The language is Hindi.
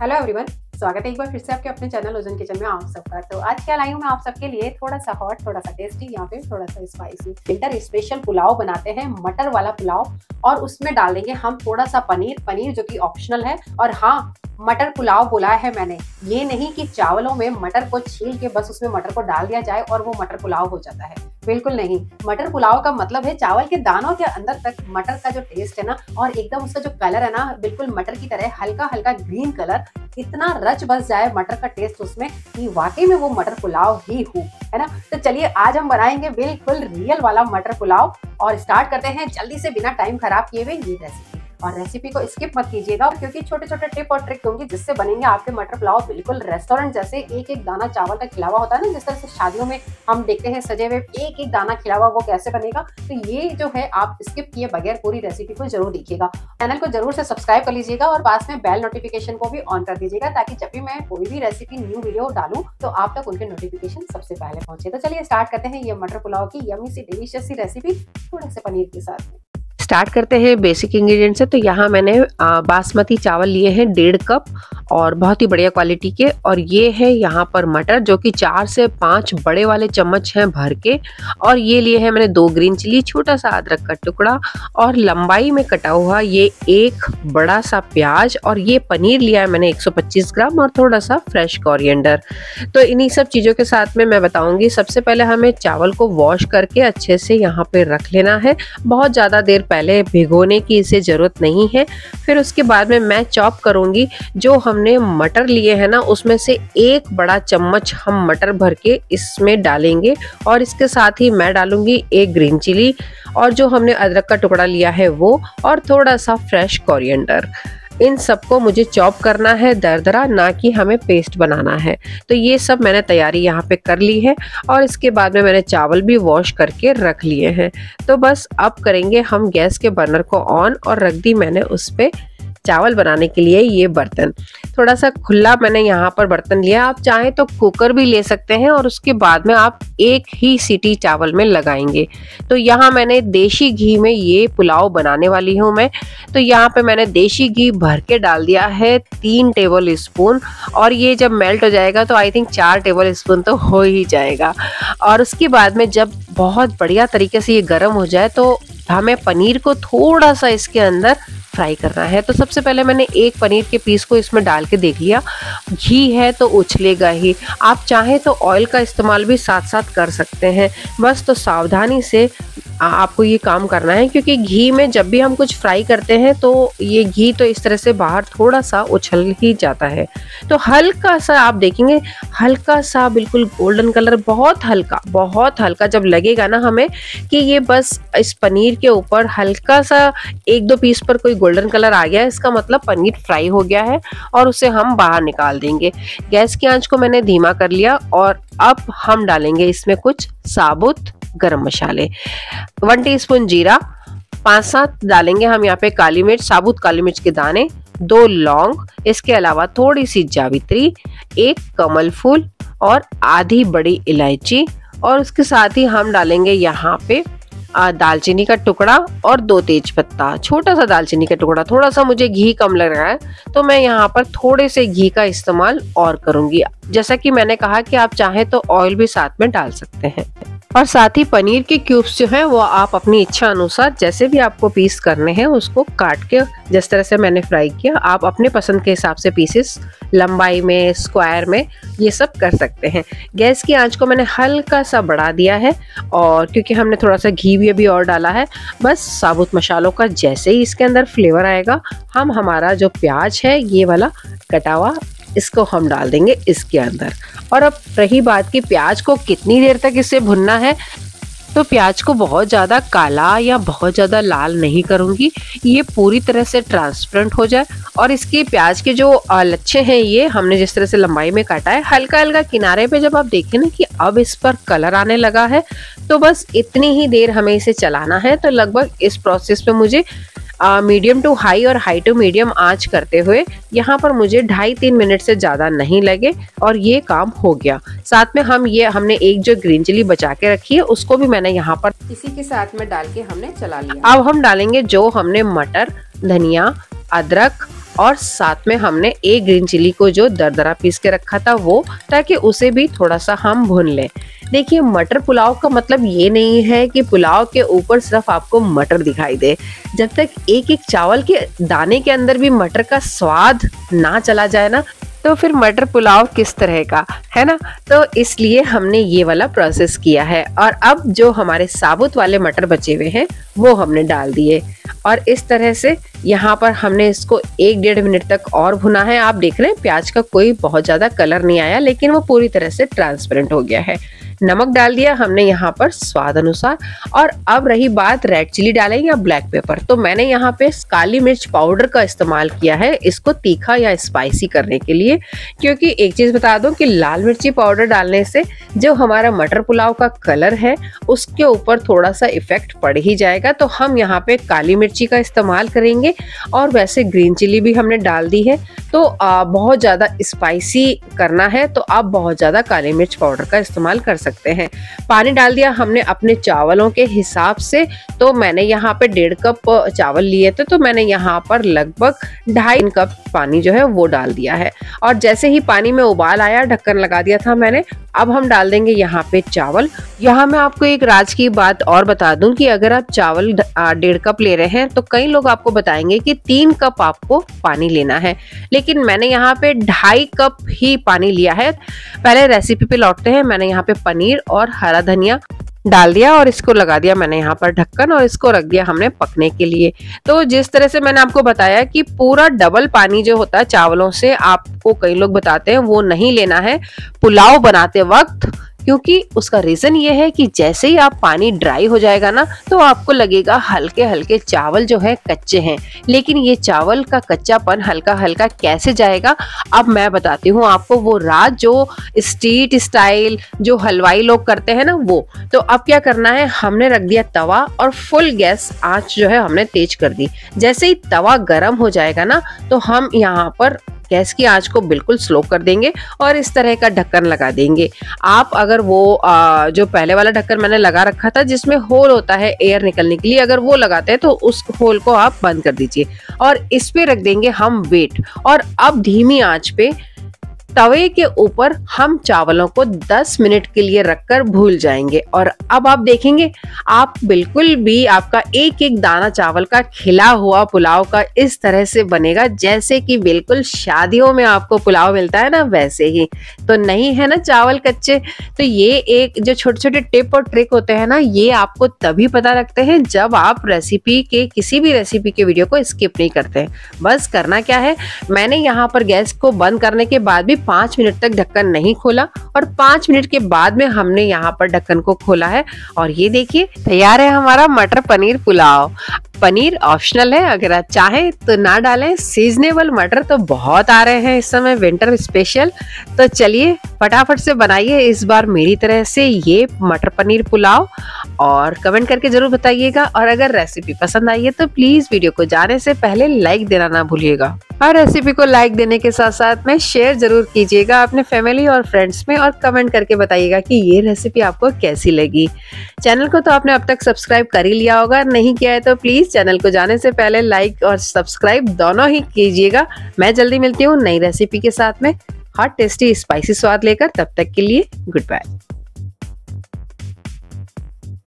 हेलो एवरीवन स्वागत है एक बार फिर से आपके अपने चैनल ओजन किचन में आप सबका तो आज क्या लाई हूँ मैं आप सबके लिए थोड़ा सा हॉट थोड़ा सा टेस्टी या फिर थोड़ा सा स्पाइसी विंटर स्पेशल पुलाव बनाते हैं मटर वाला पुलाव और उसमें डालेंगे हम थोड़ा सा पनीर पनीर जो कि ऑप्शनल है और हाँ मटर पुलाव बोला है मैंने ये नहीं कि चावलों में मटर को छील के बस उसमें मटर को डाल दिया जाए और वो मटर पुलाव हो जाता है बिल्कुल नहीं मटर पुलाव का मतलब है चावल के दानों के अंदर तक मटर का जो टेस्ट है ना और एकदम उसका जो कलर है ना बिल्कुल मटर की तरह हल्का हल्का ग्रीन कलर इतना रच बस जाए मटर का टेस्ट उसमें कि वाकई में वो मटर पुलाव ही हो है ना तो चलिए आज हम बनाएंगे बिल्कुल रियल वाला मटर पुलाव और स्टार्ट करते हैं जल्दी से बिना टाइम खराब किए हुए ये रेसिपी और रेसिपी को स्किप मत कीजिएगा क्योंकि छोटे छोटे टिप और ट्रिक होंगे जिससे बनेंगे आपके मटर पुलाव बिल्कुल रेस्टोरेंट जैसे एक एक दाना चावल का खिलावा होता है ना जिस तरह से शादियों में हम देखते हैं सजे हुए एक एक दाना खिलावा वो कैसे बनेगा तो ये जो है आप स्किप किए बगैर पूरी रेसिपी को जरूर देखिएगा चैनल को जरूर से सब्सक्राइब कर लीजिएगा और पास में बेल नोटिफिकेशन को भी ऑन कर दीजिएगा ताकि जब भी मैं कोई भी रेसिपी न्यू वीडियो डालू तो आप तक उनके नोटिफिकेशन सबसे पहले पहुंचे तो चलिए स्टार्ट करते हैं ये मटर पुलाव की यमी सी डिलीशियस सी रेसिपी थोड़े से पनीर के साथ में स्टार्ट करते हैं बेसिक इंग्रेडिएंट से तो यहाँ मैंने बासमती चावल लिए हैं डेढ़ कप और बहुत ही बढ़िया क्वालिटी के और ये है यहाँ पर मटर जो कि चार से पाँच बड़े वाले चम्मच हैं भर के और ये लिए हैं मैंने दो ग्रीन चिली छोटा सा अदरक का टुकड़ा और लंबाई में कटा हुआ ये एक बड़ा सा प्याज और ये पनीर लिया है मैंने 125 ग्राम और थोड़ा सा फ्रेश कॉरियंडर तो इन्हीं सब चीज़ों के साथ में मैं बताऊंगी सबसे पहले हमें चावल को वॉश करके अच्छे से यहाँ पे रख लेना है बहुत ज़्यादा देर पहले भिगोने की इसे ज़रूरत नहीं है फिर उसके बाद में मैं चॉप करूँगी जो हमने मटर लिए हैं ना उसमें से एक बड़ा चम्मच हम मटर भर के इसमें डालेंगे और इसके साथ ही मैं डालूँगी एक ग्रीन चिली और जो हमने अदरक का टुकड़ा लिया है वो और थोड़ा सा फ्रेश कोरिएंडर इन सबको मुझे चॉप करना है दरदरा ना कि हमें पेस्ट बनाना है तो ये सब मैंने तैयारी यहाँ पे कर ली है और इसके बाद में मैंने चावल भी वॉश करके रख लिए हैं तो बस अब करेंगे हम गैस के बर्नर को ऑन और रख दी मैंने उस पर चावल बनाने के लिए ये बर्तन थोड़ा सा खुला मैंने यहाँ पर बर्तन लिया आप चाहें तो कुकर भी ले सकते हैं और उसके बाद में आप एक ही सीटी चावल में लगाएंगे तो यहाँ मैंने देशी घी में ये पुलाव बनाने वाली हूँ मैं तो यहाँ पे मैंने देशी घी भर के डाल दिया है तीन टेबल स्पून और ये जब मेल्ट हो जाएगा तो आई थिंक चार टेबल स्पून तो हो ही जाएगा और उसके बाद में जब बहुत बढ़िया तरीके से ये गर्म हो जाए तो हमें पनीर को थोड़ा सा इसके अंदर फ्राई करना है तो सबसे पहले मैंने एक पनीर के पीस को इसमें डाल के देख लिया घी है तो उछलेगा ही आप चाहें तो ऑयल का इस्तेमाल भी साथ साथ कर सकते हैं बस तो सावधानी से आपको ये काम करना है क्योंकि घी में जब भी हम कुछ फ्राई करते हैं तो ये घी तो इस तरह से बाहर थोड़ा सा उछल ही जाता है तो हल्का सा आप देखेंगे हल्का सा बिल्कुल गोल्डन कलर बहुत हल्का बहुत हल्का जब लगेगा ना हमें कि ये बस इस पनीर के ऊपर हल्का सा एक दो पीस पर कोई गोल्डन कलर आ गया इसका मतलब पनीर फ्राई हो गया है और उसे हम बाहर निकाल देंगे गैस की आँच को मैंने धीमा कर लिया और अब हम डालेंगे इसमें कुछ साबुत गरम मसाले वन टीस्पून जीरा पांच सात डालेंगे हम यहाँ पे काली मिर्च साबुत काली मिर्च के दाने दो लौंग इसके अलावा थोड़ी सी जावित्री एक कमल फूल और आधी बड़ी इलायची और उसके साथ ही हम डालेंगे यहाँ पे दालचीनी का टुकड़ा और दो तेज पत्ता छोटा सा दालचीनी का टुकड़ा थोड़ा सा मुझे घी कम लग रहा है तो मैं यहाँ पर थोड़े से घी का इस्तेमाल और करूँगी जैसा कि मैंने कहा कि आप चाहें तो ऑयल भी साथ में डाल सकते हैं और साथ ही पनीर के क्यूब्स जो हैं वो आप अपनी इच्छा अनुसार जैसे भी आपको पीस करने हैं उसको काट के जिस तरह से मैंने फ्राई किया आप अपने पसंद के हिसाब से पीसेस लंबाई में स्क्वायर में ये सब कर सकते हैं गैस की आंच को मैंने हल्का सा बढ़ा दिया है और क्योंकि हमने थोड़ा सा घी भी अभी और डाला है बस साबुत मसालों का जैसे ही इसके अंदर फ्लेवर आएगा हम हमारा जो प्याज है ये वाला कटा हुआ इसको हम डाल देंगे इसके अंदर और अब रही बात की प्याज को कितनी देर तक इसे भुनना है तो प्याज को बहुत ज़्यादा काला या बहुत ज़्यादा लाल नहीं करूँगी ये पूरी तरह से ट्रांसपेरेंट हो जाए और इसके प्याज के जो लच्छे हैं ये हमने जिस तरह से लंबाई में काटा है हल्का हल्का किनारे पे जब आप देखें ना कि अब इस पर कलर आने लगा है तो बस इतनी ही देर हमें इसे चलाना है तो लगभग इस प्रोसेस पे मुझे मीडियम टू हाई और हाई टू मीडियम आंच करते हुए यहाँ पर मुझे ढाई तीन मिनट से ज़्यादा नहीं लगे और ये काम हो गया साथ में हम ये हमने एक जो ग्रीन चिली बचा के रखी है उसको भी मैंने यहाँ पर इसी के साथ में डाल के हमने चला लिया अब हम डालेंगे जो हमने मटर धनिया अदरक और साथ में हमने एक ग्रीन चिली को जो दरदरा पीस के रखा था वो ताकि उसे भी थोड़ा सा हम भून लें देखिए मटर पुलाव का मतलब ये नहीं है कि पुलाव के ऊपर सिर्फ आपको मटर दिखाई दे जब तक एक एक चावल के दाने के अंदर भी मटर का स्वाद ना चला जाए ना तो फिर मटर पुलाव किस तरह का है ना तो इसलिए हमने ये वाला प्रोसेस किया है और अब जो हमारे साबुत वाले मटर बचे हुए हैं वो हमने डाल दिए और इस तरह से यहाँ पर हमने इसको एक डेढ़ मिनट तक और भुना है आप देख रहे हैं प्याज का कोई बहुत ज़्यादा कलर नहीं आया लेकिन वो पूरी तरह से ट्रांसपेरेंट हो गया है नमक डाल दिया हमने यहाँ पर स्वाद अनुसार और अब रही बात रेड चिली डालें या ब्लैक पेपर तो मैंने यहाँ पे काली मिर्च पाउडर का इस्तेमाल किया है इसको तीखा या स्पाइसी करने के लिए क्योंकि एक चीज़ बता दूं कि लाल मिर्ची पाउडर डालने से जो हमारा मटर पुलाव का कलर है उसके ऊपर थोड़ा सा इफेक्ट पड़ ही जाएगा तो हम यहाँ पे काली मिर्ची का इस्तेमाल करेंगे और वैसे ग्रीन चिली भी हमने डाल दी है तो बहुत ज़्यादा स्पाइसी करना है तो आप बहुत ज़्यादा काली मिर्च पाउडर का इस्तेमाल कर सकते सकते हैं पानी डाल दिया हमने अपने चावलों के हिसाब से तो मैंने यहाँ पे डेढ़ कप चावल लिए थे तो मैंने यहाँ पर लगभग ढाई कप पानी जो है वो डाल दिया है और जैसे ही पानी में उबाल आया ढक्कन लगा दिया था मैंने अब हम डाल देंगे यहाँ पे चावल यहाँ मैं आपको एक राज की बात और बता दूं कि अगर आप चावल डेढ़ कप ले रहे हैं तो कई लोग आपको बताएंगे कि तीन कप आपको पानी लेना है लेकिन मैंने यहाँ पे ढाई कप ही पानी लिया है पहले रेसिपी पे लौटते हैं मैंने यहाँ पे पनीर और हरा धनिया डाल दिया और इसको लगा दिया मैंने यहाँ पर ढक्कन और इसको रख दिया हमने पकने के लिए तो जिस तरह से मैंने आपको बताया कि पूरा डबल पानी जो होता है चावलों से आपको कई लोग बताते हैं वो नहीं लेना है पुलाव बनाते वक्त क्योंकि उसका रीज़न ये है कि जैसे ही आप पानी ड्राई हो जाएगा ना तो आपको लगेगा हल्के हल्के चावल जो है कच्चे हैं लेकिन ये चावल का कच्चापन हल्का हल्का कैसे जाएगा अब मैं बताती हूँ आपको वो रात जो स्ट्रीट स्टाइल जो हलवाई लोग करते हैं ना वो तो अब क्या करना है हमने रख दिया तवा और फुल गैस आँच जो है हमने तेज कर दी जैसे ही तवा गर्म हो जाएगा ना तो हम यहाँ पर गैस की आंच को बिल्कुल स्लो कर देंगे और इस तरह का ढक्कन लगा देंगे आप अगर वो आ, जो पहले वाला ढक्कन मैंने लगा रखा था जिसमें होल होता है एयर निकलने के लिए अगर वो लगाते हैं तो उस होल को आप बंद कर दीजिए और इस पर रख देंगे हम वेट और अब धीमी आँच पे तवे के ऊपर हम चावलों को 10 मिनट के लिए रखकर भूल जाएंगे और अब आप देखेंगे आप बिल्कुल भी आपका एक एक दाना चावल का खिला हुआ पुलाव का इस तरह से बनेगा जैसे कि बिल्कुल शादियों में आपको पुलाव मिलता है ना वैसे ही तो नहीं है ना चावल कच्चे तो ये एक जो छोटे छोटे टिप और ट्रिक होते हैं ना ये आपको तभी पता लगते हैं जब आप रेसिपी के किसी भी रेसिपी के वीडियो को स्किप नहीं करते हैं बस करना क्या है मैंने यहाँ पर गैस को बंद करने के बाद भी पांच मिनट तक ढक्कन नहीं खोला और पांच मिनट के बाद में हमने यहाँ पर ढक्कन को खोला है और ये देखिए तैयार है हमारा मटर पनीर पुलाव पनीर ऑप्शनल है अगर आप चाहें तो ना डालें सीजनेबल मटर तो बहुत आ रहे हैं इस समय विंटर स्पेशल तो चलिए फटाफट से बनाइए इस बार मेरी तरह से ये मटर पनीर पुलाव और कमेंट करके जरूर बताइएगा और अगर रेसिपी पसंद आई है तो प्लीज वीडियो को जाने से पहले लाइक देना ना भूलिएगा और रेसिपी को लाइक देने के साथ साथ में शेयर जरूर कीजिएगा अपने फैमिली और फ्रेंड्स में और कमेंट करके बताइएगा कि ये रेसिपी आपको कैसी लगी चैनल को तो आपने अब तक सब्सक्राइब कर ही लिया होगा नहीं किया है तो प्लीज चैनल को जाने से पहले लाइक और सब्सक्राइब दोनों ही कीजिएगा मैं जल्दी मिलती हूँ नई रेसिपी के साथ में हॉट टेस्टी स्पाइसी स्वाद लेकर तब तक के लिए गुड बाय